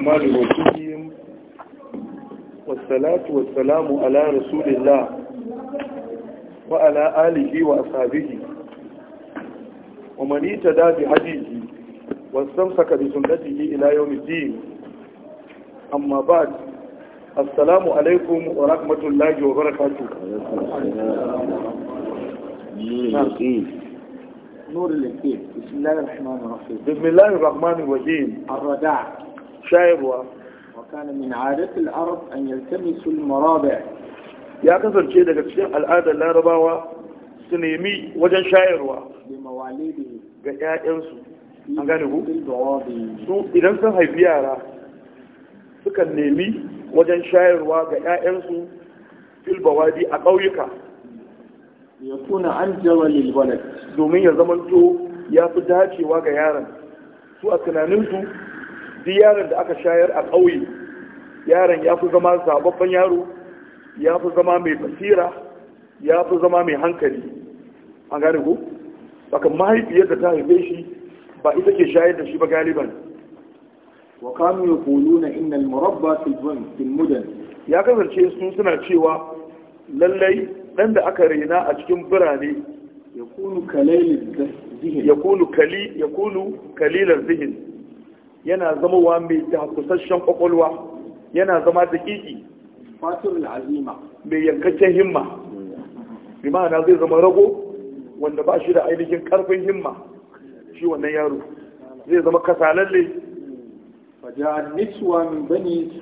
الرحمن الرحيم والصلاة والسلام على رسول الله وعلى آله وأصحابه ومن يتدى بحديثه واستمسك بسنته إلى يوم الدين أما بعد السلام عليكم ورحمة الله وبركاته نور اليقين بسم الله الرحمن الرحيم بسم الله الرحمن الرحيم الرداع shayarwa وكان من daga cikin al'adar larabawa su nemi wajen shayarwa ga 'ya'yansu, an gane ku su idan sun haifi yara sukan nemi wajen shayarwa ga 'ya'yansu, fil a ƙauyuka ya kuna an jawa lil domin ya zamanto ya fi dacewa ga yaran su a tunaninsu duk yaron da aka shayar a ƙauye yaron ya fi zama sababban yaro ya fi zama mai basira ya fi zama mai hankali A gane ku baka mahaifiyar da ta haife shi ba ita ke shayar da shi ba galiban wa kanu yaquluna na al-murabba fil mudan ya kasance sun suna cewa lallai dan da aka rena a cikin birane ya kunu zihin zihin yana zamowa mai takusasshen kwakwalwa yana zama da kiki fatirul azima mai yankakken himma bi ma'ana zai zama rago wanda ba shi da ainihin karfin himma shi wannan yaro zai zama kasalalle sa'ad bin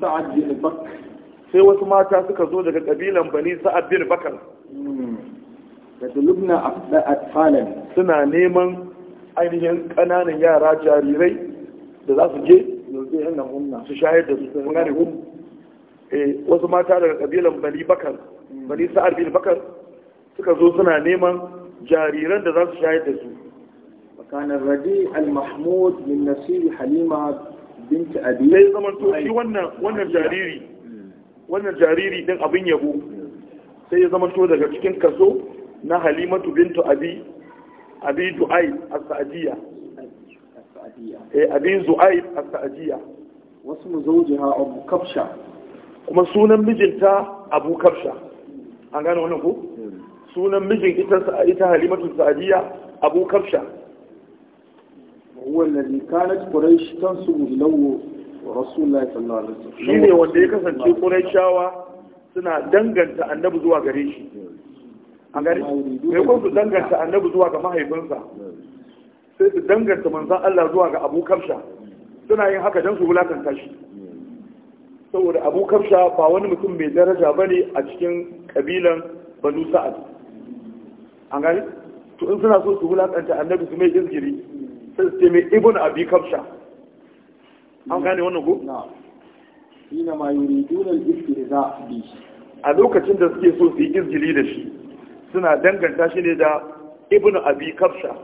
sai wasu mata suka zo daga kabilan bani sa'ad bin bakar da a suna neman ainihin ƙananan yara jarirai da za su je yanzu yan nan wannan su shayar da su sun gane hun eh, wasu mata daga kabilan bani bakar bani sa'ar bin bakar suka zo suna neman jariran da za su shayar da su kana radi al-mahmud min nasib halima bint abi sai zaman to shi wannan wannan jariri wannan jariri din abin yabo sai ya zaman to daga cikin kaso na halimatu bint abi abi du'ai as-sa'diyah eh abin zu'aib as-sa'diyya wasu abu kafsha kuma sunan mijinta abu kafsha an gane wannan ko hmm. sunan mijin ita sa'ita halimatu sa'diyya abu kafsha huwa alladhi kanat quraish tansubu rasulullahi sallallahu alaihi wasallam wanda ya kasance quraishawa suna danganta annabi zuwa gare shi hmm. an gane su danganta annabi zuwa ga mahaifinsa hmm. sai su danganta manzan Allah zuwa ga abu kamsha suna yin haka don su wulakanta shi saboda abu kamsha ba wani mutum mai daraja ba ne a cikin kabilan banu sa'ad an gani to in suna so su wulakanta annabi su mai izgiri sai su ce mai ibn abi kamsha an gane wannan ko ina ma bi a lokacin da suke so su yi izgiri da shi suna danganta shi ne da ibn abi kafsha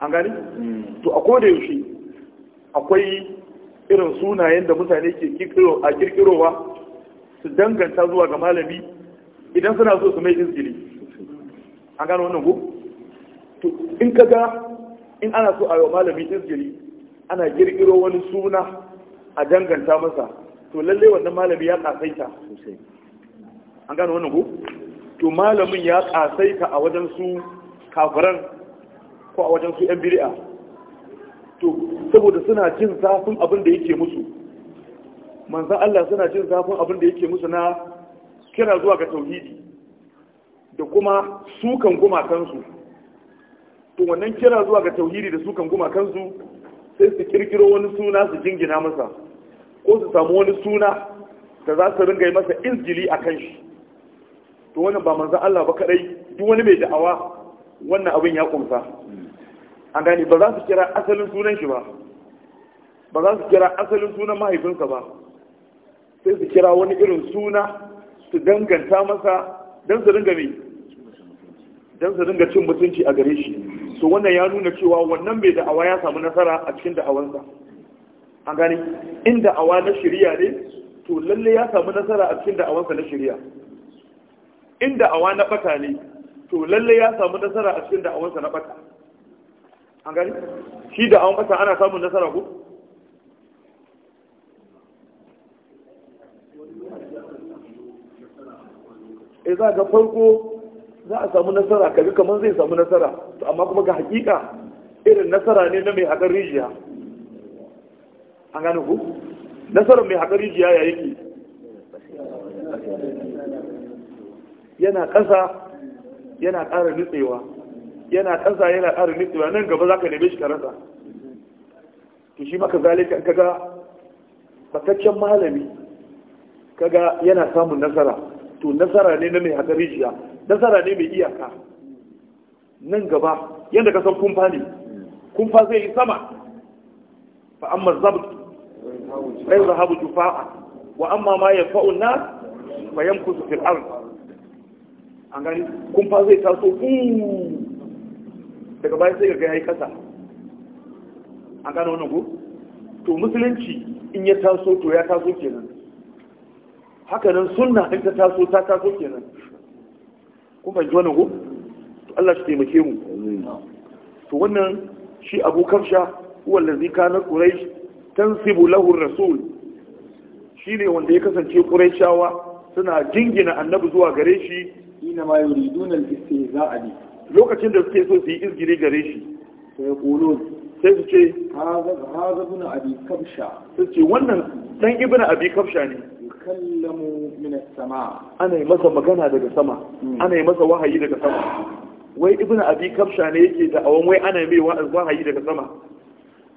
an gani hmm. to a koda yaushe akwai irin sunayen da mutane ke a kirkirowa su danganta zuwa ga malami idan suna so su mai izgili an gano wannan ko to in kaga in ana so a yi wa malami izgili ana kirkiro wani suna a danganta masa to lallai wannan malami ya kasaita an gano wannan ko to malamin ya kasaita a wajen su kafiran ko a wajen su 'yan biri'a to saboda suna jin zafin abin da yake musu manzan Allah suna jin zafin abin da yake musu na kira zuwa ga tauhidi da kuma sukan kansu? to wannan kira zuwa ga tauhidi da sukan kansu, sai su kirkiro wani suna su jingina masa ko su samu wani suna da za su ringa yi masa injili a kan shi to wannan ba manzan Allah ba kadai duk wani mai da'awa wannan abin ya kumsa an gani ba za su kira asalin sunan shi ba ba za su kira asalin sunan mahaifinsa ba sai su kira wani irin suna su danganta masa don su dinga mai don su dinga cin mutunci a gare shi to wannan ya nuna cewa wannan mai da'awa ya samu nasara a cikin da'awansa an gani in da'awa na shirya ne to lalle ya samu nasara a cikin da'awansa na shirya in da'awa na bata ne to lalle ya samu nasara a cikin da'awansa na bata an gani shi da awon ƙasa ana samun nasara ku? e eh, za ga farko za a samu nasara kaji kamar zai samu nasara to amma kuma ga hakika irin nasara ne na mai haƙar rijiya an gani ku nasarar mai haƙar rijiya ya yake yana ƙasa yana ƙara nutsewa yana ƙasa yana nufi ba nan gaba za ka neme shi ka rasa to shi maka zalika ga fataccen malami ka ga yana samun nasara to nasara ne na mai haka rijiya nasara ne mai iyaka nan gaba yadda ka san kumfa ne kumfa zai yi sama fa amma zabt sai zahabu jufa'a wa amma ma yanfa'u nas fa yamkusu fil ard an gani kumfa zai taso daga bayan sai ga yi kasa A gano wannan ko to musulunci in ya taso to ya taso kenan haka nan sunna in ta taso ta taso kenan kun fahimci wannan ko to Allah shi taimake mu to wannan shi Abu Kamsha wanda allazi kana Quraysh tansibu lahu rasul shi ne wanda ya kasance Shawa suna jingina annabi zuwa gare shi ina ma yuriduna al-istihza'a lokacin da suke so su yi izgiri gare shi sai ƙulun sai su ce haza abi kabsha ce wannan dan ibn abi kabsha ne kallamu min as-sama ana yi masa magana daga sama hmm. ana yi masa wahayi daga sama wai ibn abi kabsha ne yake da awan wai ana mai wahayi daga sama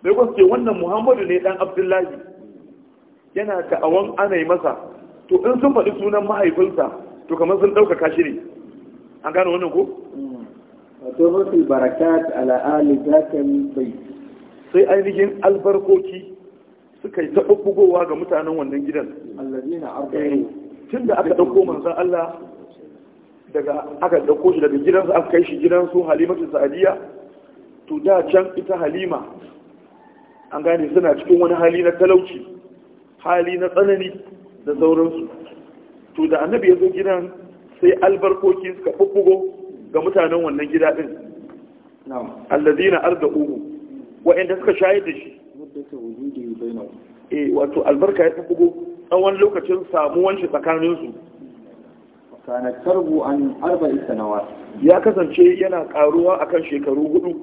bai ko ce wannan muhammadu ne dan abdullahi yana da awan ana yi masa to in sun faɗi sunan mahaifinsa to kamar sun ɗaukaka shi ne an gane wannan ko hmm. وتهرت البركات على آل ذاك البيت sai ainihin albarkoki suka yi taɓaɓɓugowa ga mutanen wannan gidan eh, tun da aka ɗauko manzan Allah daga aka ɗauko shi daga gidansu aka kai shi gidansu halimatu sa'adiyya to da can ita halima an gane suna cikin wani hali na talauci hali na tsanani da sauransu to da annabi ya zo gidan sai albarkokin suka ɓuɓɓugo ga mutanen wannan gida din allazina arda'uhu wa'anda suka shayar da shi eh, wato albarka ya tafi tsawon lokacin samuwan shi tsakanin su ya kasance yana karuwa akan shekaru hudu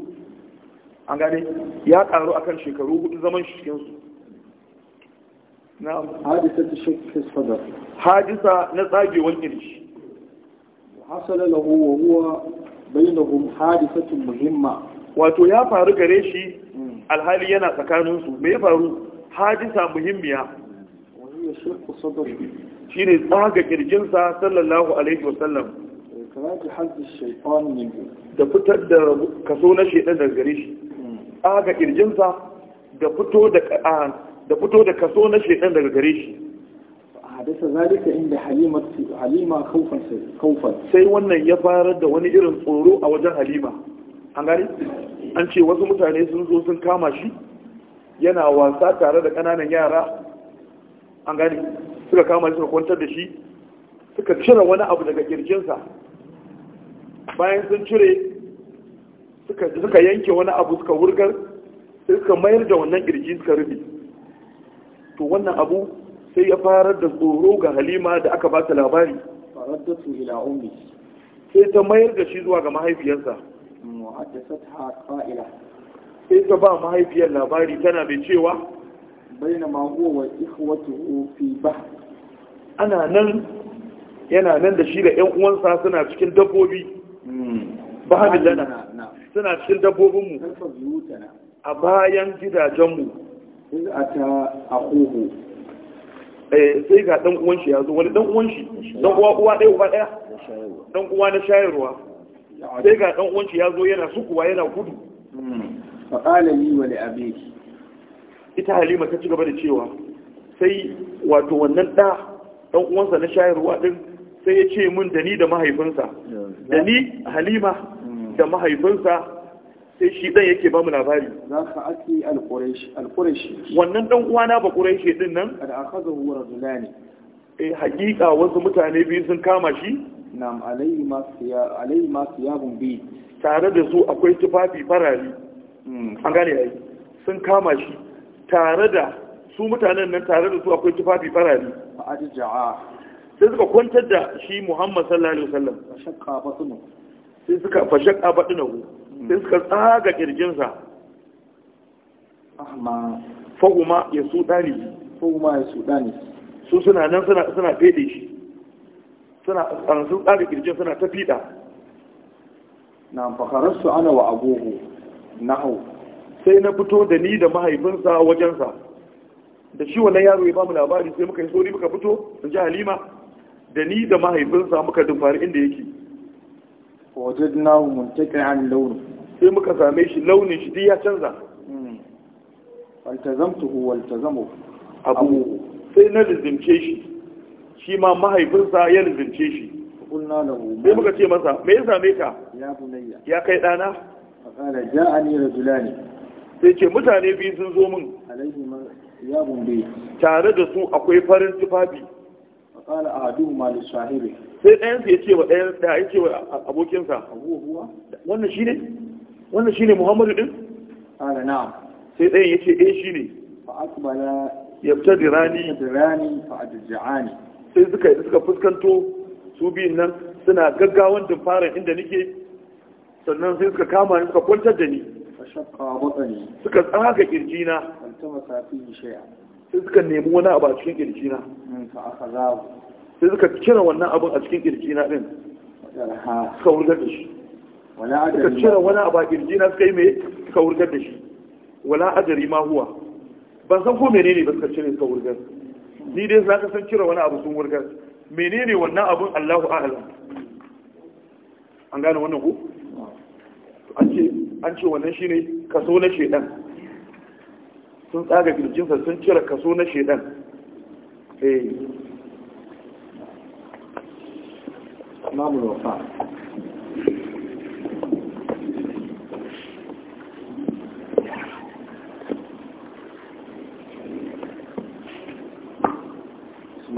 an gane ya karu akan shekaru hudu zaman shi cikin su na hadisa na tsagewar kirji hasala lahu wa huwa bainahum hadisatun wato ya faru gare shi hmm. alhali yana tsakaninsu. me ya faru hadisa muhimmiya shi ne tsaga kirjinsa sallallahu alaihi wasallam kamata da fitar da kaso na shaitan daga gare shi hmm. tsaga kirjinsa da fito da kaso na shaitan daga gare shi hadasa zalika inda halima halima kaufan kaufan sai wannan ya farar da wani irin tsoro a wajen halima an gani an ce wasu mutane sun zo sun kama shi yana wasa tare da ƙananan yara an gani suka kama shi suka kwantar da shi suka cire wani abu daga kirjinsa bayan sun cire suka yanke wani abu suka wurgar suka mayar da wannan kirji suka rufe to wannan abu sai ya farar da tsoro ga halima da aka ba ta labari su ila ummi sai ta mayar da shi zuwa ga mahaifiyarsa sai ta ba mahaifiyar labari tana mai cewa baina ma huwa wa ikhwatuhu ana nan yana nan da shi da yan uwansa suna cikin dabbobi ba hadin lana suna cikin dabbobin mu a bayan gidajen mu Eh, sai ga dan uwan shi ya zo wani dan uwan shi dan uwa uwa ɗaya uba ɗaya dan uwa na shayarwa sai ga dan uwan shi ya zo yana sukuwa yana gudu fa qala li wa li abiki ita halima ta ci gaba da cewa sai wato wannan da dan uwansa na shayarwa din sai ya ce min da ni da mahaifinsa da ni halima da mahaifinsa sai shi dan yake ba mu labari za ka aki al-quraishi wannan dan uwana ba quraishi din nan da akhadahu ne. eh hakika wasu mutane biyu sun kama shi nam alayhi ma siya alayhi ma bi tare da su akwai tufafi farari hmm. an gane ai sun kama shi tare da su mutanen nan tare da su akwai tufafi farari fa'adja'a sai suka kwantar da shi Muhammad sallallahu alaihi wasallam fashaqqa batnu sai suka fashaqqa batnu sai suka tsaga kirjinsa fahuma ya su ɗani fahuma ya su su suna nan suna fede shi suna sun tsaga kirjin suna ta fida na fakararsu ana wa agogo na hau sai na fito da ni da mahaifinsa wajensa da shi wannan yaro ya ba mu labari sai muka yi sauri muka fito in ji halima da ni da mahaifinsa muka dumfari inda yake take an launin? sai muka same shi launin shi ya canza waltazamtuhu waltazamu abu sai na lizimce shi shi ma mahaifinsa ya lizimce shi sai muka ce masa me ya same ka ya kai dana faqala ja'ani rajulani sai ce mutane biyu sun zo min tare da su akwai farin tufafi faqala ma li sahibi sai ɗayan su ya ce wa ɗayan da ya ce wa abokinsa wannan shine wannan shi ne muhammadu ɗin? ala na sai ɗayan yace eh shine fa akbala yabtadirani dirani da adja'ani sai suka suka fuskanto su biyun nan suna gaggawan fara inda nake sannan sai suka kama ni suka kwantar da ni suka tsaga kirjina sai suka nemi wani abu a cikin kirjina hmm, sai suka kira wannan abun a cikin kirjina din suka wurgar da shi suka cire wani abu a kirji na suka yi mai suka wurgar da shi wala ajari ma huwa ban san ko menene ba suka cire suka wurgar ni dai za ka san cire wani abu sun wurgar menene wannan abun Allahu a'lam an gane wannan ku? an ce wannan shi ne kaso na shedan sun tsaga kirjinsa sun cire kaso na shedan eh Rafa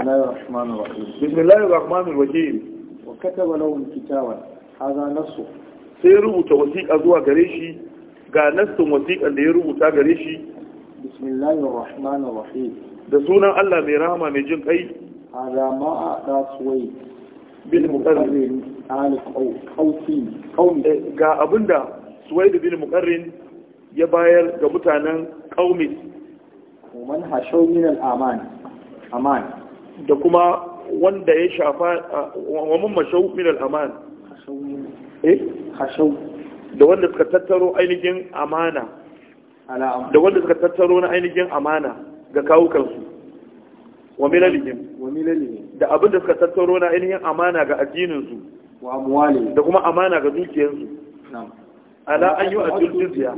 الله الرحمن الرحيم بسم الله الرحمن الرحيم وكتب لهم كتابا هذا نصه sai rubuta wasiƙa zuwa gare shi ga nassin wasiƙan da ya rubuta gare shi bismillahir rahmanir da sunan Allah mai rahama mai jin kai hada ma a taswai bil muqarrin al qawfi qawmi ga abinda suwaid bin muqarrin ya bayar ga mutanen qaumi man hashaw min al aman aman da kuma wanda ya shafa wa mun mashau min al-aman eh, eh? hashau da wanda suka tattaro ainihin amana da wanda suka tattaro na ainihin amana ga kawukansu wa milalihim da abin da suka tattaro na ainihin amana ga addininsu da kuma amana ga dukiyarsu ala an yi a jizya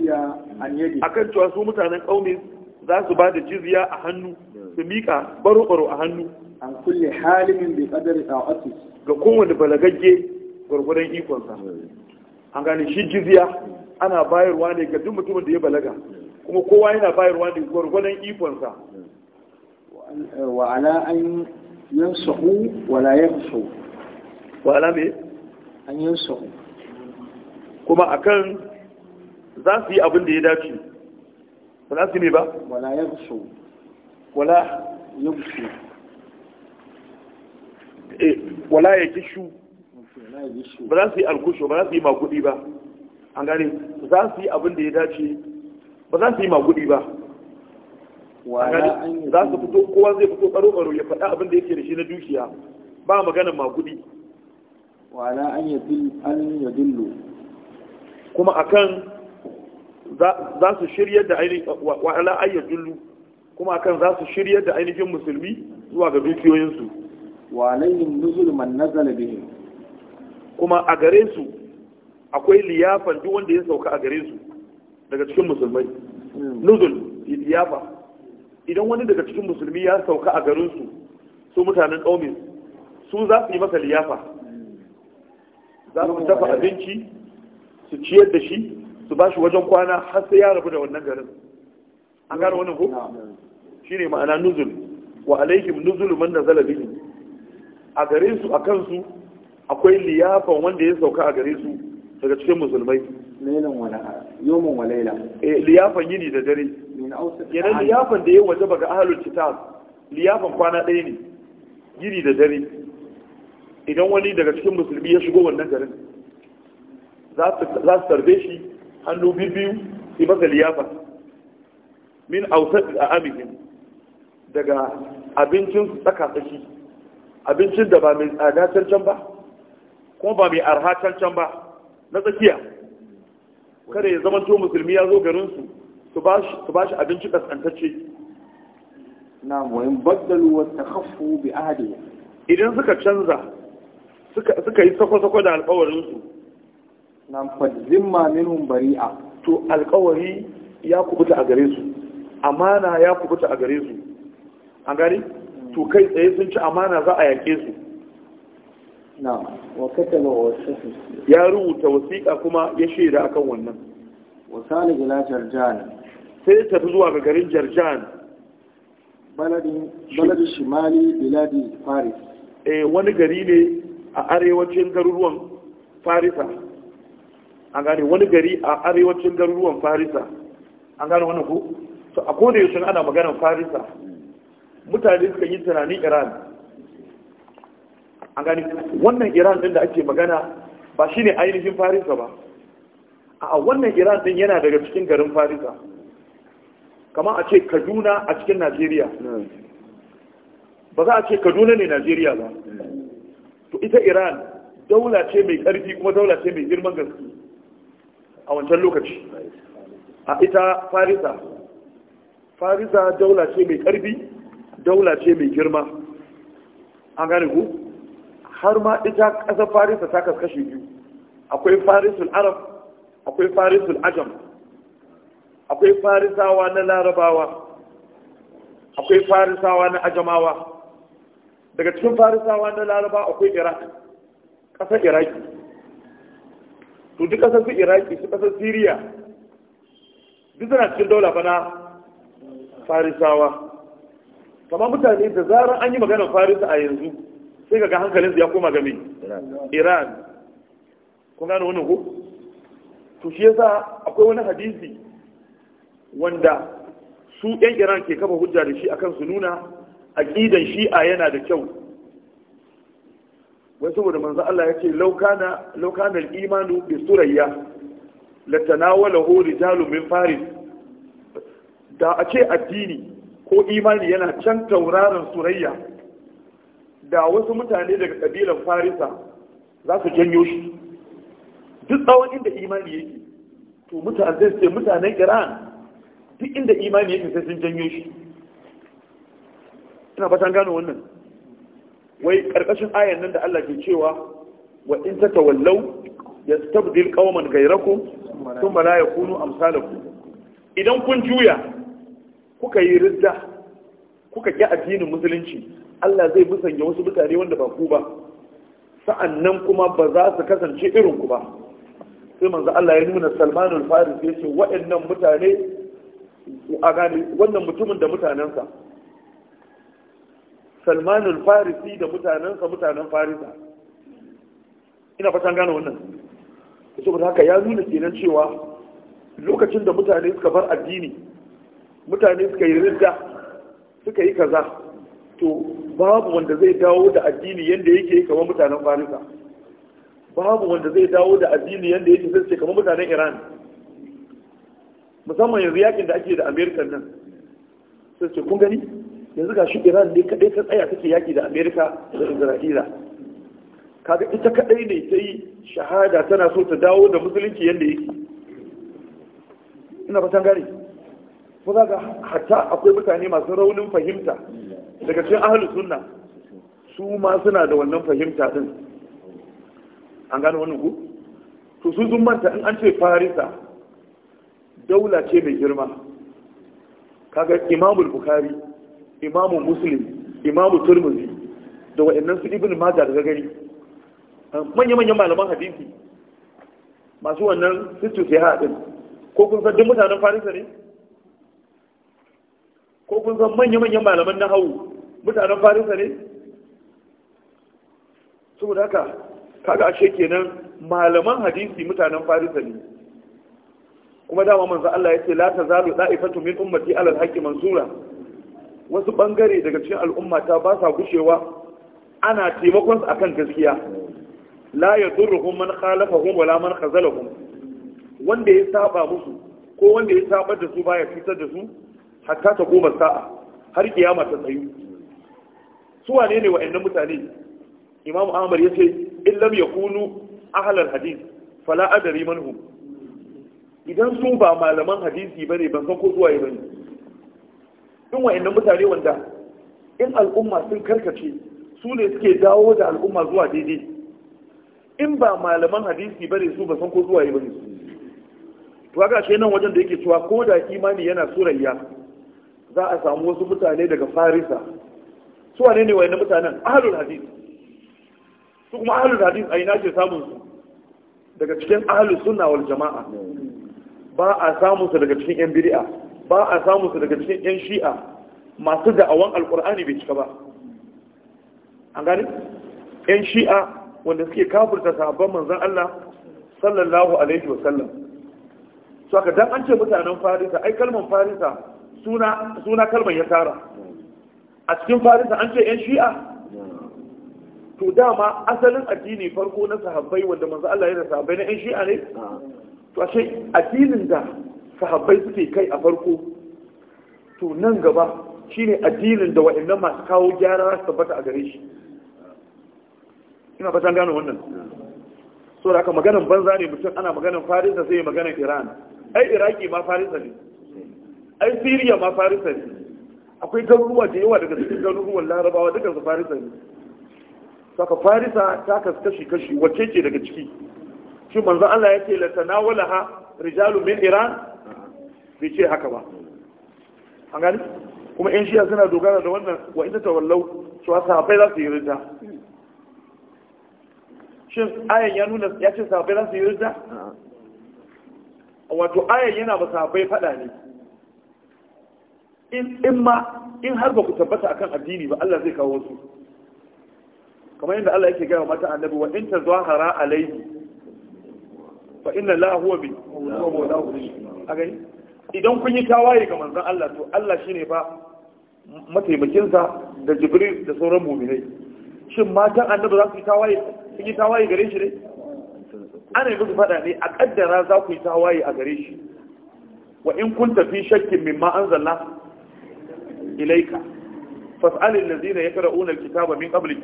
a kan cewa su mutanen ƙaunin za su ba da jizya a hannu su miƙa baro-baro a hannu an kulle halimin bi a wasu ga kowane balagagge gurgurdan ikonsa. an gane shi jizya ana bayarwa ne ga duk mutumin da ya balaga kuma kowa yana bayarwa ne gurgurdan ikonsa. wa ala an yansahu wa la sau. wa ala me an yansahu kuma akan za su yi abin da ya dace ba za su ne ba wala yamsu wala sau. Eh, wala ya shu ba za su yi alkushu ba za su yi magudi ba an gane za su yi abin da ya dace ba za su yi magudi ba za su fito kowa zai fito karo-karo ya faɗa abin da yake da shi na dukiya ba maganin magudi wala an ya dillo kuma akan za su shirya da ainihin wa'ala an dillo kuma akan za su shirya da ainihin musulmi zuwa ga dukiyoyinsu wa nuzul man nazala bihim kuma a gare su akwai liyafan duk wanda ya sauka a gare su daga cikin musulmai hmm. nuzul liyafa idan wani daga cikin musulmi ya sauka a garin su su mutanen qaumin su za su yi masa liyafa za su dafa abinci su ciyar da shi su ba shi wajen kwana har sai ya rabu da wannan garin an gane wannan ko shine ma'ana nuzul wa alaihim nuzul man nazala bihi a gare su a kansu akwai liyafan wanda ya sauka a gare su daga cikin musulmai lailan wala wa laila eh liyafan yini da dare kenan liyafan da ya waje baga ahlul kitab liyafan kwana ɗaya ne yini da dare idan wani daga cikin musulmi ya shigo wannan garin za su tarbe shi hannu biyu sai maza liyafa min ausat a amikin daga abincin tsaka tsaki abincin da ba mai tsada cancan ba kuma ba mai arha cancan ba na tsakiya kada ya zama to musulmi ya zo garinsu su ba shi abinci kasantacce na wayan baddalu wata hafu bi ahadi idan suka canza suka yi sako-sako da alkawarinsu na fadzin maminun bari'a to alkawari ya kubuta a gare su amana ya kubuta a gare su an gari to kai tsaye sun ci amana za a yaƙe su ya rubuta wasiƙa kuma ya shaida akan wannan wasali ila jarjan sai ya tafi zuwa ga garin jarjan baladi shimali biladi faris eh, wani gari ne a arewacin garuruwan farisa an gane wani gari a arewacin garuruwan farisa an gane wannan ku a koda yaushe ana maganar farisa mutane suka yi tunanin iran A gani wannan iran din da ake magana ba shi ainihin farisa ba a wannan iran din yana daga cikin garin farisa kama a ce kaduna a cikin najeriya ba za a ce kaduna ne najeriya ba to ita iran daula ce mai karfi kuma daula ce mai girman gaske a wancan lokaci a ita farisa farisa daula ce mai karfi daula ce mai girma an gane ku har ma ita ƙasar farisa ta kaskashe biyu akwai farisul arab akwai farisul ajam akwai farisawa na larabawa akwai farisawa na ajamawa daga cikin farisawa na laraba akwai iraq ƙasar iraki to duk ƙasar su iraki su ƙasar siriya duk suna cikin daula bana farisawa kama mutane da zarar an yi maganar farisa a yanzu sai ga hankalin ya koma game iran kun gane wani ko to shi yasa akwai wani hadisi wanda su yan iran ke kafa hujja da shi akan su nuna aqidan shi'a yana da kyau wai saboda manzo Allah ya ce laukana laukana al-imanu bi surayya latanawalahu rijalun min faris da a ce addini ko imani yana can tauraron surayya da wasu mutane daga kabilar farisa za su janyo shi duk tsawon inda imani yake to mutane sai mutanen iran duk inda imani yake sai sun janyo shi ina fatan gano wannan wai karkashin ayan nan da Allah ke cewa wa in ta tatawallaw yastabdil qauman ghayrakum thumma la yakunu amsalakum idan kun juya kuka yi ridda kuka ƙi addinin musulunci Allah zai musanya wasu mutane wanda ba ku ba sa'an nan kuma ba za su kasance irin ku ba sai manzo Allah ya nuna Salman al-Faris ya ce waɗannan mutane a gane wannan mutumin da mutanensa Salman al-Farisi da mutanensa mutanen Farisa ina fatan gane wannan saboda haka ya nuna kenan cewa lokacin da mutane suka bar addini mutane suka yi ridda suka yi kaza to babu wanda zai dawo da addini yadda yake kamar mutanen farisa babu wanda zai dawo da addini yadda yake ce kamar mutanen iran musamman yanzu yakin da ake da amerika nan sai ce kun gani yanzu ga shi iran ne kadai ta tsaya take yaki da amerika da isra'ila kaga ita kadai ne ta yi shahada tana so ta dawo da musulunci yadda yake ina fatan gari ko za ga hatta akwai mutane masu raunin fahimta daga cikin ahli sunna su ma suna da wannan fahimta din an gano wannan ku to su sun manta in an ce farisa daula ce mai girma kaga imamul bukhari imamu muslim imamu turmuzi da wa'annan su ibn majah daga gari manyan manyan malaman hadisi masu wannan sittu sai haɗin ko kun san duk mutanen farisa ne ko kun san manya-manyan malaman na hau mutanen farisa ne saboda haka kaga ashe kenan malaman hadisi mutanen farisa ne kuma dama manzan Allah ya ce, la tazalu da'ifatu min ummati alal al mansura wasu ɓangare daga cikin al'ummata ba sa gushewa ana taimakon su akan gaskiya la yadurruhum man khalafahum wala man khazalahum wanda ya saba musu ko wanda ya saba da su baya fitar da su hatta ta goma sa'a har kiyama ta tsayu su wane ne wa'annan mutane imamu amar ya ce in lam yakunu halar hadith fala adari manhum idan su ba malaman hadisi bane ban san ko zuwa yi bane in wa'annan mutane wanda in al'umma sun karkace su ne suke dawo da al'umma zuwa daidai in ba malaman hadisi bane su ba san ko zuwa yi bane su to ga nan wajen da yake cewa ko da imani yana surayya za a samu wasu mutane daga farisa su wane ne wayannan mutanen ahlul hadith su kuma ahlul hadith a ina ce samun su daga cikin ahlus sunna wal jama'a ba a samun su daga cikin yan bid'a ba a samun su daga cikin yan shi'a masu da'awan alqur'ani bai cika ba an gani yan shi'a wanda suke kafirta sahabban manzon Allah sallallahu alaihi wasallam so aka dan an ce mutanen farisa ai kalmar farisa suna kalmar ya tara a cikin farisa an ce 'yan shi'a to dama asalin addini farko na sahabbai wanda manzo Allah yana sahabbai na 'yan shi'a ne to ashe addinin da sahabbai suke kai a farko to nan gaba shine addinin da wa'annan masu kawo gyara su tabbata a gare shi ina fatan gano wannan so da aka maganan banza ne mutum ana maganan farisa sai maganan iran ai iraki ma farisa ne ai siriya ma farisa ne akwai garuruwa da yawa daga cikin garuruwan larabawa dukkan su farisa ne saka farisa ta kaskashi kashi wacce ce daga ciki shi manzo Allah yake la tanawalaha rijalun min iran bai ce haka ba an gani kuma in shiya suna dogara da wannan wa ita tawallau wasa bai za su yi rinta shin ayan ya nuna ya ce sahabbai za su yi rinta wato ayan yana ba sahabbai fada ne in ma in har ba ku tabbata akan addini ba Allah zai kawo su kamar yadda Allah yake gaya wa mata annabi wa in tazahara alayhi fa inna la huwa bi huwa idan kun yi tawaye ga manzon Allah to Allah shine fa mataimakin sa da Jibril da sauran mu'minai shin matan annabi za su yi tawaye kun yi tawaye gare shi ne ana yi faɗa fada ne a kaddara za ku yi tawaye a gare shi wa in kun tafi shakkin mimma anzalna ilaika fas'alil ladina yaqra'una alkitaba min qablik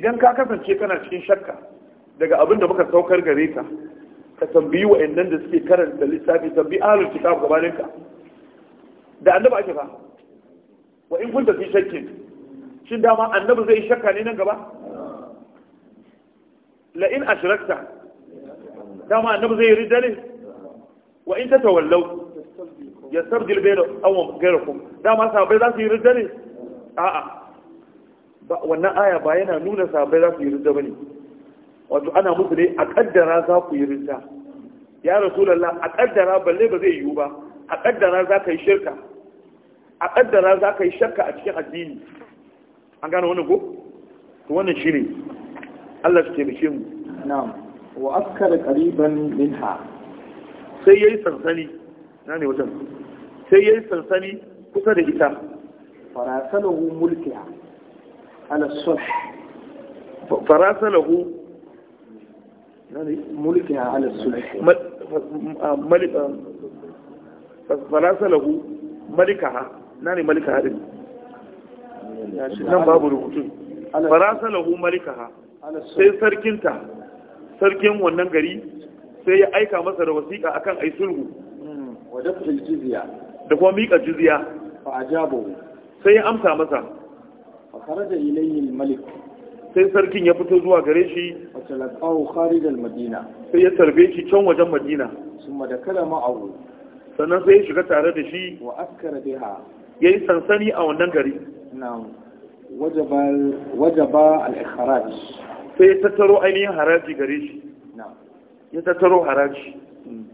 idan ka kasance kana cikin shakka daga abin da muka saukar gare ka ka tambayi wa'annan da suke karanta littafi tambayi ahlul kitab gabanin ka da annabi ake fa wa in kunta fi shakkin shin dama annabi zai shakka ne nan gaba la in ashrakta dama annabi zai rida ne wa in tatawallau ya sabdil bai da awon gairakun dama sabai za su yi ridda ne a'a wannan aya ba yana nuna sabai za su yi ridda ba ne wato ana musu ne a kaddara za ku yi ridda ya lalla a kaddara balle ba zai yiwu ba a kaddara za ka yi shirka a kaddara za ka yi shakka a cikin addini an gane wani ko to wannan shine Allah ya taimake mu na'am wa askara qariban minha sai yayi sansani na ne wajen sai yayi sansani kusa da ita farasalahu mulkiya ala sulh farasalahu mulkiya ala sulh malika ah, farasalahu malikaha na ne malikaha din nan babu rubutun farasalahu malikaha sai sarkinta sarkin wannan gari sai ya aika masa da wasiƙa akan ai sulhu da kuma miƙa jizya sai ya amsa masa sai sarkin ya fito zuwa gare shi sai ya tarbe shi can wajen madina sannan sai ya shiga tare da shi ya yi sansani a wannan gari wajaba al-ikharaj sai ya tattaro ainihin haraji gare shi ya tattaro haraji hmm.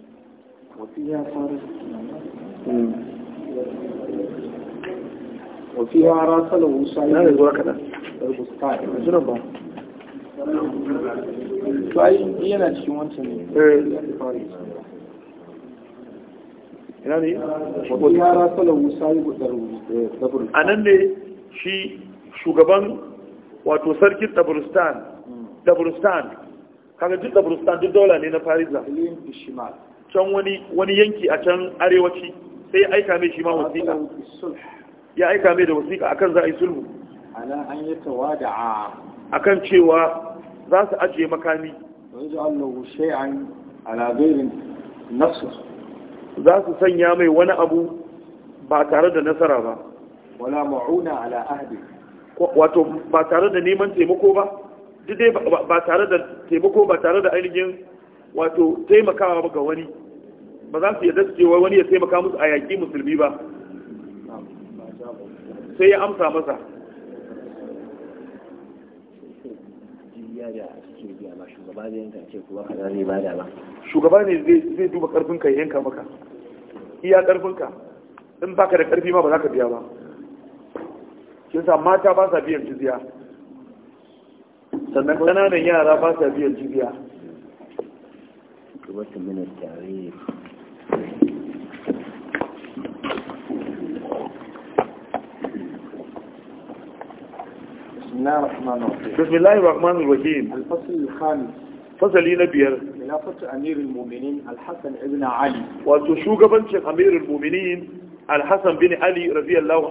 وفيها راسله شايب البستان to ai yana cikin wancan ne eh. ne yara salawu sahibu a nan ne shi shugaban wato sarkin dabristan dabristan hmm. kaga duk dabristan duk daula ne na farisa can wani wani yanki a can arewaci sai ya aika mai shi ma wasiƙa ya aika mai da wasiƙa akan za a yi sulhu anan an yi tawada'a akan cewa za su ajiye makami za su sanya mai wani abu ba tare da nasara ba wala ma'una ala ahdi wato ba tare da neman taimako ba duk dai ba tare da taimako ba tare da ainihin wato taimakawa ga wani ba za su yarda su cewa wani ya taimaka musu a yaƙi musulmi ba sai ya amsa masa shugaba ne zai duba ƙarfinka ya yanka maka iya ƙarfinka, in baka da karfi ma ba za ka biya ba kin sa mata ba sa biyan jizya sannan ƙananan yara ba sa biyan jizya بسم الله الرحمن الرحيم الفصل الخامس fasali na biyar khilafatu amirul mu'minin al ibn ali wato shugabancin amirul mu'minin al-hasan bin ali radiyallahu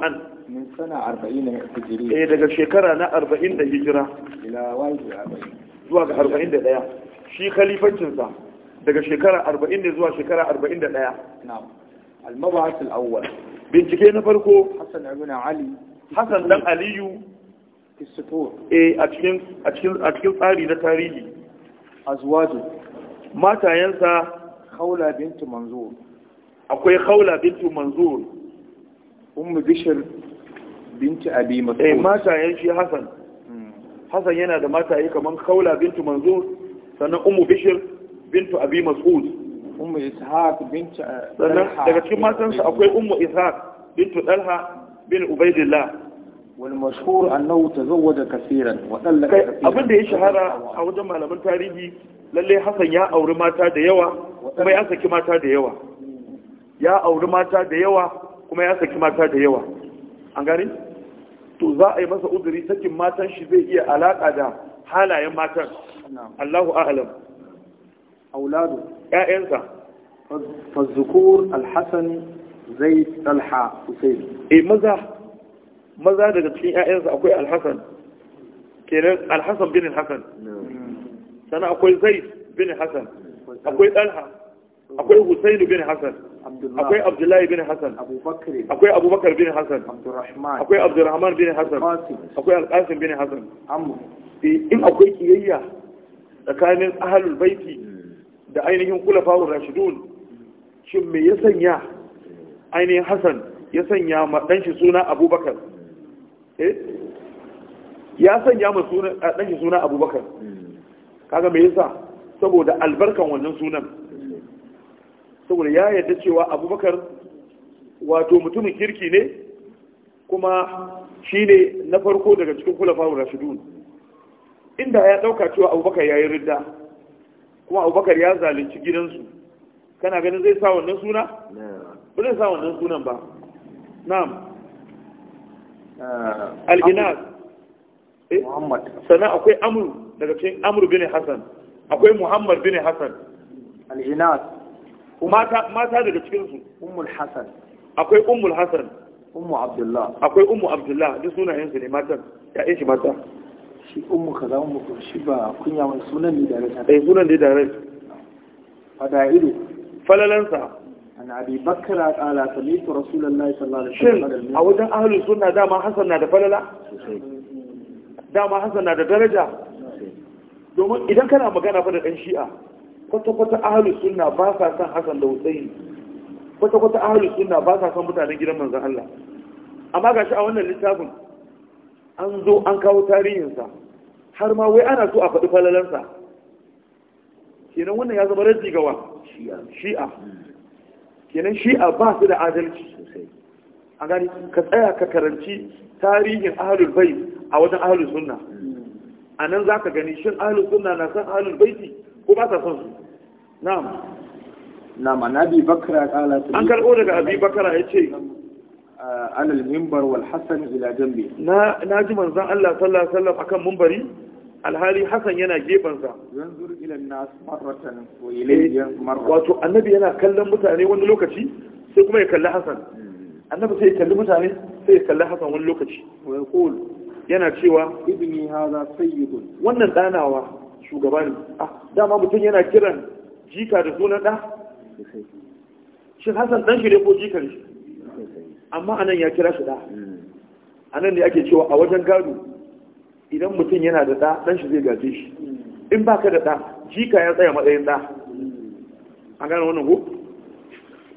eh, daga shekara na 40 da hijira ila wajhi 40 zuwa ga 41 shi khalifancin sa daga shekara 40 ne zuwa shekara 41 na'am al bincike na farko Hassan dan aliyu eh a cikin tsari na tarihi azwaju matayensa khawla bintu manzur akwai khawla bintu manzur ummu Bishir, binti abi mas'ud eh, matayen shi Hassan, hmm. Hassan yana da mataye kamar khawla bintu manzur sannan ummu Bishir, bintu abi mas'ud ummu ishaq bintu eh, daga cikin matansa akwai ummu ishaq bintu dalha bin ubaidillah والمشهور أنه تزوج كثيرا وطلق كثيرا أبن دي شهارة أوجه malaman tarihi lalle Hassan ya auri mata da yawa kuma ya saki mata da yawa ya auri mata da yawa kuma ya saki mata da yawa an gani to za a yi masa uzuri sakin matan shi zai iya alaka da halayen matan Allahu a'lam auladu ƴaƴansa fa zukur al-hasan zaid talha husayn eh maza maza daga cikin ƴaƴansa akwai alhassan kenan alhassan bin hassan sana akwai zaid bin hassan akwai dalha akwai husain bin hassan akwai abdullahi bin hassan akwai abubakar bin hassan akwai abdurrahman bin hassan akwai alqasim bin hassan eh, in akwai kiyayya tsakanin ahlul baiti da ainihin kulafa'ur rashidun shin me ya sanya ainihin hassan ya sanya ma shi suna abubakar Eh? ya sanya ma sunan a suna abubakar kaga mai yasa saboda albarkan wannan sunan saboda ya yadda cewa abubakar wato mutumin kirki ne kuma shi ne na farko daga cikin kula faru rashidun inda ya ɗauka cewa abubakar ya yi ridda kuma abubakar ya zalunci gidansu kana ganin zai sa wannan suna? ba zai sa wannan sunan ba na'am Ah, al'inas eh? sannan akwai amur daga cikin amur bin hassan akwai muhammad bin hassan al'inas mata daga cikinsu umul hassan akwai umul hassan Umu abdullah akwai Umu abdullah duk sunayensu ne matan yi shi mata shi ka za mu shi ba kunya mai sunan ne da rai eh, sunan ne da rai fada ido falalansa an abi bakra qala sami'tu rasulullahi sallallahu alaihi wasallam a wajen ahlus sunna dama hasan na da falala dama hasan na da daraja domin idan kana magana fa da dan shi'a kwata-kwata ahlus sunna ba sa san hasan da husaini kwata-kwata Ahlus sunna ba sa son mutanen gidan manzan Allah amma gashi a wannan littafin an zo an kawo tarihinsa har ma wai ana so a faɗi falalansa kenan wannan ya zama raddi shi'a hmm. kenan shi'a ba su da adalci sosai a gani ka tsaya ka karanci tarihin ahalul bai a wajen ahalul sunna a nan za ka gani shin ahalul sunna na san ahalul baiti ko ba ta son su na'am na an abi bakra qala an karbo daga abi bakra ya alal minbar wal hasan ila jambi na ji manzon Allah sallallahu alaihi akan minbari alhali hasan yana gefansa yanzu wato annabi yana kallon mutane wani lokaci sai kuma ya kalli hasan hmm. annabi sai ya kalli mutane sai ya kalli hasan wani lokaci yana cewa wannan danawa shugaba ne ah, dama mutum yana kiran jika da sunan da shin hasan dan shi ne ko jikan shi amma anan ya kira shi da hmm. anan ne ake cewa a wajen gado idan mutum yana da ɗa ɗan shi zai gaje shi in ba ka da ɗa jika ya tsaya matsayin ɗa A gane wannan ko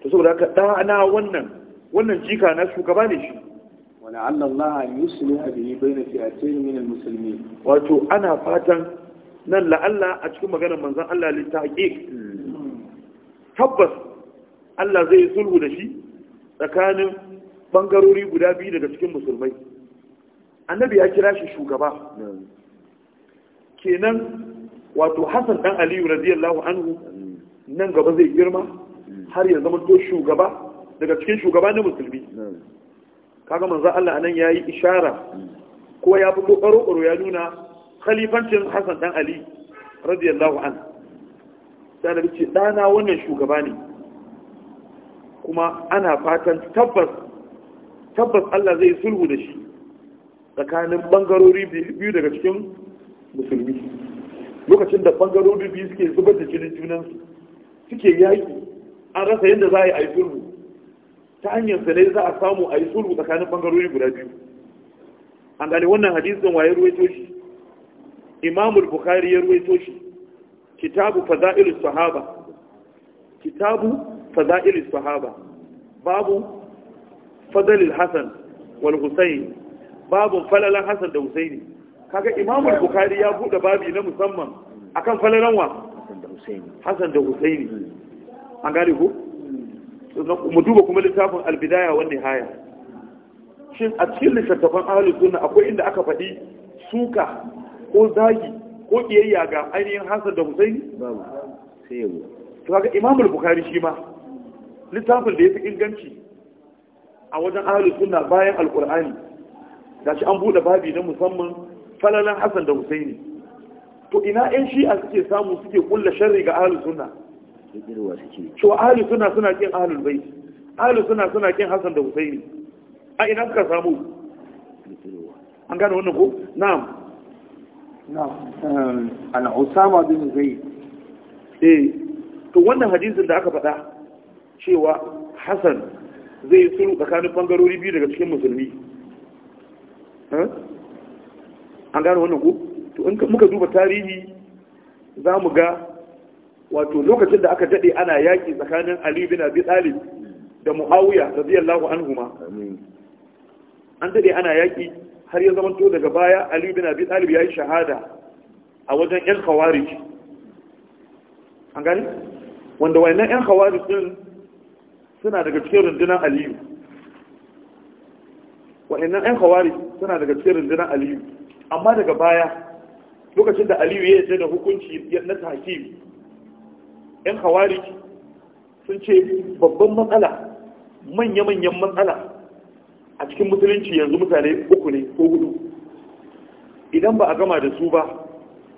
to saboda haka ɗa na wannan wannan jika na shugaba ne shi wani allah yusuf abiyi bai na fiyatai min musulmi wato ana fatan nan la'alla a cikin maganar manzan allah littaƙiƙ tabbas allah zai sulhu da shi tsakanin bangarori guda biyu daga cikin musulmai annabi ya kira shi shugaba kenan wato hassan dan aliyu radiyallahu anhu nan gaba zai girma mm. har ya zama to shugaba daga cikin shugaba na musulmi kaga manzo Allah anan yayi ishara mm. ko ya fito karo karo ya nuna khalifancin hassan dan ali radiyallahu anhu sai da ce dana wannan shugaba ne kuma ana fatan tabbas tabbas Allah zai sulhu da shi tsakanin bangarori biyu daga cikin musulmi lokacin da bangarori biyu suke zubar da jinin junansu suke yaƙi an rasa yadda za a yi sulhu ta hanyar sa ne za a samu a sulhu tsakanin bangarori guda biyu an gane wannan hadisin waye ruwaito shi imamul bukhari ya ruwaito shi kitabu fazail sahaba kitabu sahaba babu fadalil Hassan wal husayn babun falalan Hassan da Husaini kaga Imam Bukhari ya bude babi na musamman akan falalan wa Hassan da Husaini an gane ku mu duba kuma littafin albidaya wa Nihaya shin a cikin littattafan ahli Sunna akwai inda aka faɗi suka ko zagi ko kiyayya ga ainihin Hassan da Husaini babu sai yau to kaga Imam Bukhari shi ma littafin da yafi inganci a wajen ahli Sunna bayan al gashi an buɗe babi na musamman falalan Hassan da Husaini to ina ƴan shi'a suke samu suke kulla sharri ga ahlus sunna to ahlus sunna suna kin ahlul bait ahlus sunna suna kin Hassan da Husaini a ina suka samu an gane wannan ko na'am na'am ehm, ana Usama bin Zaid eh to wannan hadisin da aka faɗa cewa Hassan zai suru tsakanin bangarori biyu daga cikin musulmi an gane wannan ko to in muka duba tarihi za mu ga wato lokacin da aka daɗe ana yaƙi tsakanin ali bin abi talib da muawiya radiyallahu anhuma an daɗe ana yaƙi har ya zamanto daga baya ali bin abi talib yayi shahada a wajen yan khawarij an gani wanda wayannan yan khawarij din suna daga cikin rundunar aliyu wa'annan ɗan kawari suna daga cikin rundunar aliyu amma daga baya lokacin da aliyu ya yarda da hukunci na tahkim ɗan kawari sun ce babban matsala manya-manyan matsala a cikin musulunci yanzu mutane uku ne ko hudu idan ba a gama da su ba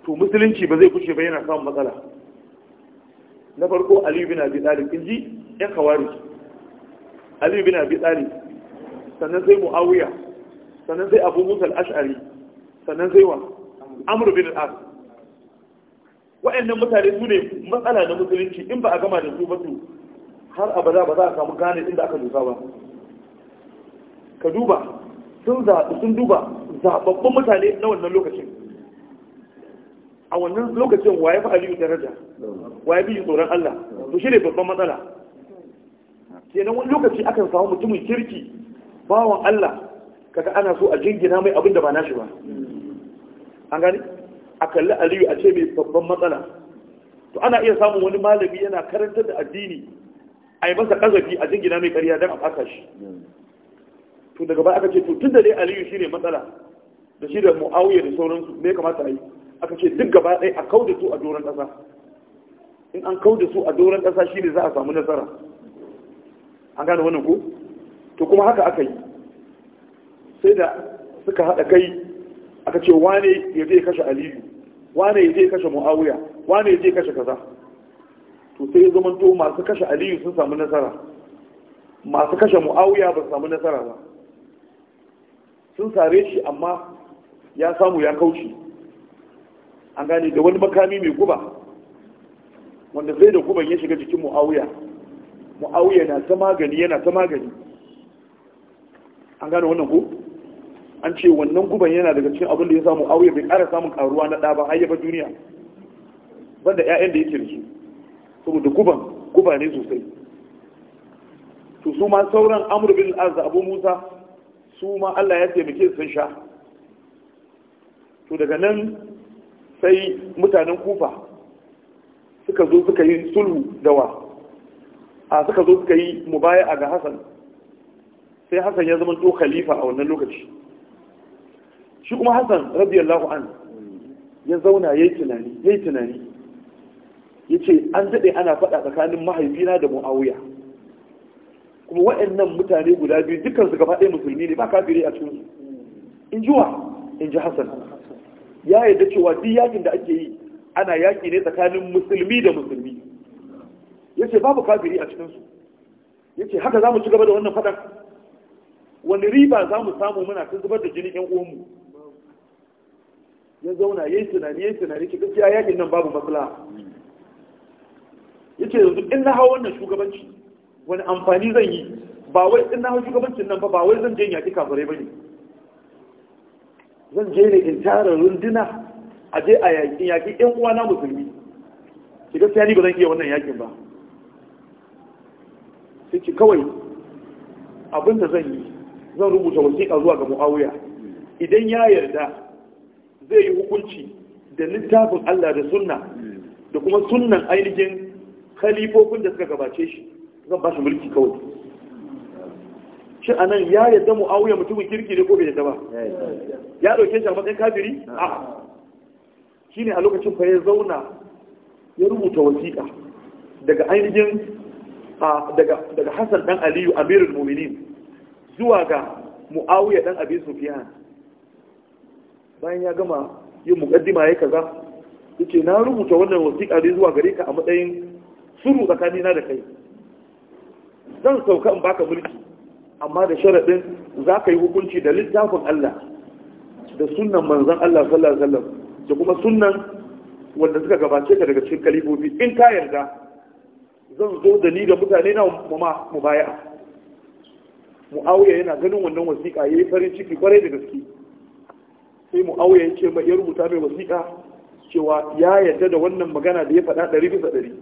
to musulunci ba zai kushe ba yana samun matsala na farko aliyu bin abi tsari in ji yan kawari aliyu bin abi tsari sannan sai muawiya sannan sai abu musa al'ashari sannan sai wa amuru bin al wa'annan mutane su ne matsala na musulunci in ba a gama da su ba su har abada ba za a samu gane inda aka dosa ba ka duba sun zaɓi sun duba zaɓaɓɓun mutane na wannan lokacin a wannan lokacin wa ya fi aliyu daraja wa ya biyu tsoron Allah to shi ne babban matsala kenan wani lokaci akan samu mutumin kirki bawon Allah kaga ana so a jingina mai abin da ba nashi ba an gani a kalli aliyu a ce mai babban matsala to ana iya samun wani malami yana karantar da addini a yi masa kazafi a jingina mai karya don a faka shi to daga ba aka ce to tun da dai aliyu shi ne matsala da shi da mu'awiyar da sauransu me kamata a yi aka ce duk gaba ɗaya a kauda su a doron ƙasa in an kauda su a doron ƙasa shine za a samu nasara an gane wannan ko to kuma haka aka yi sai da suka haɗa kai aka ce wane ya zai kashe aliyu wane ya zai kashe mu'awiya wane ya zai kashe kaza to sai ya zamanto masu kashe aliyu sun samu nasara masu kashe mu'awiya ba su samu nasara ba sun sare shi amma ya samu ya kauce an gane da wani makami mai guba wanda sai da guban ya shiga jikin mu'awiya mu'awiya na ta magani yana ta magani an gane wannan ko an ce wannan guban yana daga cikin abin da ya samu auye bai ƙara samun karuwa na ɗaba har yaba duniya banda ƴaƴan da yake da su saboda guban guba ne sosai to su ma sauran amru bin az da abu musa su ma Allah ya taimake sun sha to daga nan sai mutanen kufa suka zo suka yi sulhu da wa a suka zo suka yi mubaya ga Hassan sai hassan ya zama tsohon khalifa a wannan lokaci shi kuma hassan radiyallahu an ya zauna ya yi tunani ya yi tunani ya ce an daɗe ana faɗa tsakanin mahaifina da mu'awuya kuma waɗannan mutane guda biyu dukkan su gaba ɗaya musulmi ne ba kafiri a cikinsu in ji wa in ji hassan ya yarda cewa duk yakin da ake yi ana yaki ne tsakanin musulmi da musulmi ya ce babu kafiri a cikinsu ya ce haka za mu ci gaba da wannan faɗan wani riba za mu samu muna sun zubar da jini yan uwanmu ya zauna yi tunani yi tunani ki gaskiya yakin nan babu Ya yace yanzu in na hawo wannan shugabanci wani amfani zan yi ba wai in na hawo shugabancin nan ba ba wai zan je in yaki kafirai bane zan je ne in tara runduna a je a yaki yaƙi uwa na musulmi ki gaskiya ni ba zan iya wannan yakin ba sai ki kawai abin da zan yi zan rubuta wasiƙa zuwa ga muawiya idan ya yarda zai yi hukunci da littafin Allah da sunna da kuma sunnan ainihin khalifofin da suka gabace shi zan ba shi mulki kawai shi anan ya yarda muawiya mutumin kirki ne ko bai yarda ba ya ɗauke shi a matsayin kafiri a shi ne a lokacin fa ya zauna ya rubuta wasiƙa daga ainihin daga hassan dan aliyu amirul muminin zuwa ga mu'awiya dan su sufyan bayan ya gama yin muqaddima ya kaza ce na rubuta wannan wasiƙa ne zuwa gare ka a matsayin suru tsakanina da kai zan sauka in baka mulki amma da sharaɗin za ka yi hukunci da littafin Allah da sunan manzan Allah sallallahu alaihi da kuma sunan wanda suka gabace ka daga cikin kalibobi in ka yarda zan zo da ni da mutane na mu baya mu'awiya yana ganin wannan wasiƙa ya yi farin ciki kwarai da gaske sai mu'awiya ya ce mai ya rubuta mai wasiƙa cewa ya yadda da wannan magana da ya faɗa ɗari bisa ɗari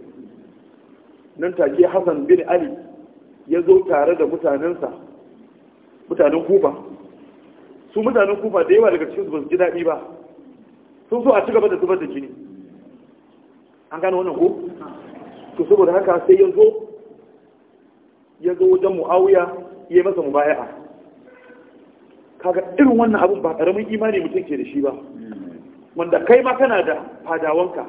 nan take hassan bin ali ya zo tare da mutanensa mutanen kufa su mutanen kufa da yawa daga cikin su ba su ji daɗi ba sun so a ci gaba da zubar da jini an gane wannan ko to saboda haka sai ya zo ya zo wajen mu'awiya yi masa mubaya'a kaga irin wannan abin ba karamin imani mutum ke da shi ba wanda kai ma kana da fadawanka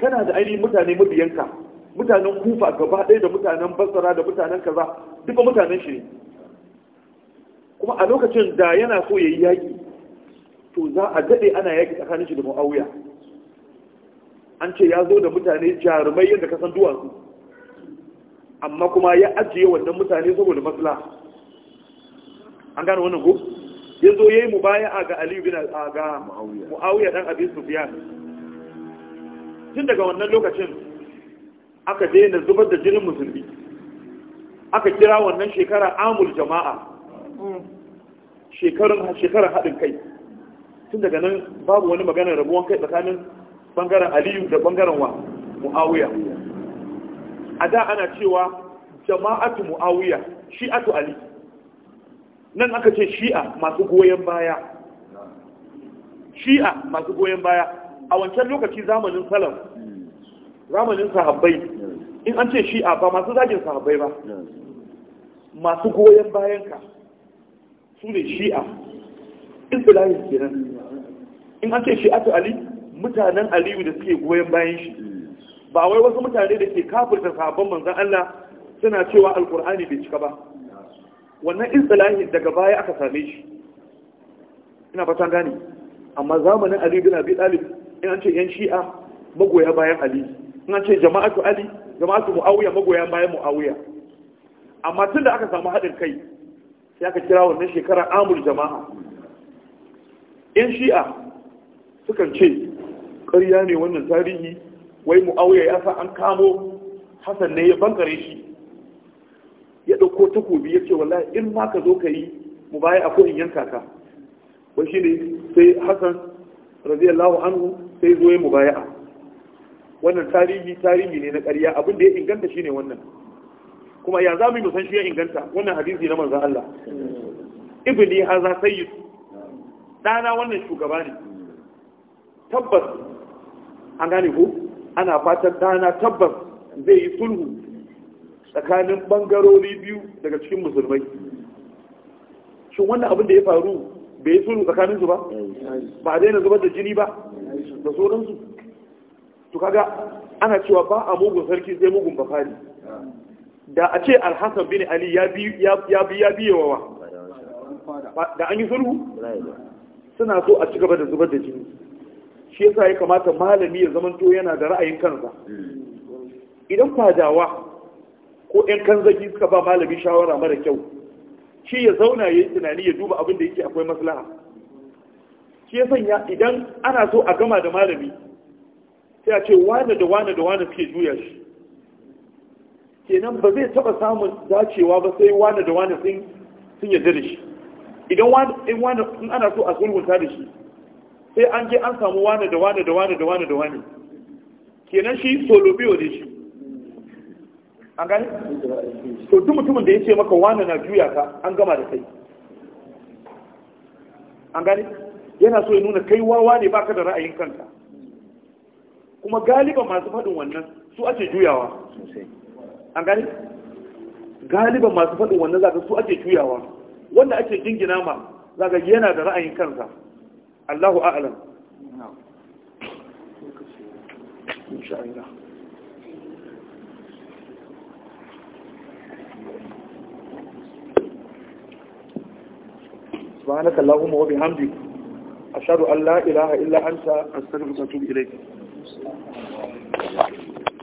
kana da ainihin mutane mabiyanka mutanen kufa gaba ɗaya da mutanen basara da mutanen kaza duka mutanen shi kuma a lokacin da yana so ya yi yaƙi to za a daɗe ana yaƙi tsakanin shi da mu'awuya an ce ya zo da mutane jarumai yadda ka san duwatsu amma kuma ya ajiye wannan mutane saboda matsala an gane wannan ko ya zo ya yi mu baya a ga aliyu bin al'aga mu'awiyar dan abin sufiyan tun daga wannan lokacin aka daina zubar da jinin musulmi aka kira wannan shekara amul jama'a shekarun shekarar haɗin kai tun daga nan babu wani maganar rabuwan kai tsakanin bangaren aliyu da bangaren wa mu'awiyar a da ana cewa jama'atu muawiya shi'atu ali nan aka ce shi'a masu goyon baya shi'a masu goyon baya a wancan lokaci zamanin salam zamanin sahabbai in an ce shi'a ba masu zagin sahabbai ba masu goyon bayanka su ne shi'a in filayin kenan in an ce shi'atu ali mutanen aliyu da suke goyon bayan shi ba wai wasu mutane da ke kafirta sahabban manzan Allah suna cewa alkur'ani bai cika ba wannan istilahin daga baya aka same shi ina fatan gani amma zamanin Ali bin Abi Talib in an ce yan Shi'a magoya bayan Ali in an ce jama'atu Ali jama'atu Muawiya magoya bayan Muawiya amma tunda aka samu haɗin kai sai aka kira wannan shekara amul jama'a yan Shi'a sukan ce ƙarya ne wannan tarihi wai mu'awiya ya sa an kamo hasan ne ya bankare shi ya dauko takobi ya ce wallahi in ma ka zo ka yi mu baya a in yanka ka wai shi ne sai hasan radiyallahu anhu sai zo ya mu baya wannan tarihi tarihi ne na ƙarya abin da ya inganta shine wannan kuma ya za mu yi san shi ya inganta wannan hadisi na manzan Allah ibni haza sayyid dana wannan shugaba ne tabbas an gane ko ana fatan dana tabbas zai yi sulhu tsakanin bangarori biyu daga cikin musulmai shin wannan abin da ya faru bai yi sulhu tsakanin su ba ba a daina zubar da jini ba da sauransu to kaga ana cewa ba a mugun sarki sai mugun bafari da a ce alhassan bin ali ya bi ya wa da an yi sulhu suna so a ci gaba da zubar da jini shi yasa ya kamata malami ya zamanto yana da ra'ayin kansa idan fadawa ko 'yan kanzagi suka ba malami shawara mara kyau shi ya zauna ya yi tunani ya duba abin da yake akwai maslaha shi ya sanya idan ana so a gama da malami sai a ce wane da wane da wane suke juya shi kenan ba zai taba samun dacewa ba sai wane da wane sun yarda da shi idan wane in ana so a sulhunta da shi sai an je an samu wane da wane da wane da wane da wane kenan shi solo biyo ne shi an gani to duk mutumin da ya ce maka wane na juya ka an gama da kai an gani yana so ya nuna kai wawa ne baka da ra'ayin kanka kuma galiban masu faɗin wannan su ake juyawa an gani galiban masu faɗin wannan zaka su ake juyawa wanda ake jingina ma zaka yana da ra'ayin kansa Allahu a'lam insha Allah سبحانك اللهم وبحمدك أشهد أن لا إله إلا أنت أستغفرك وأتوب إليك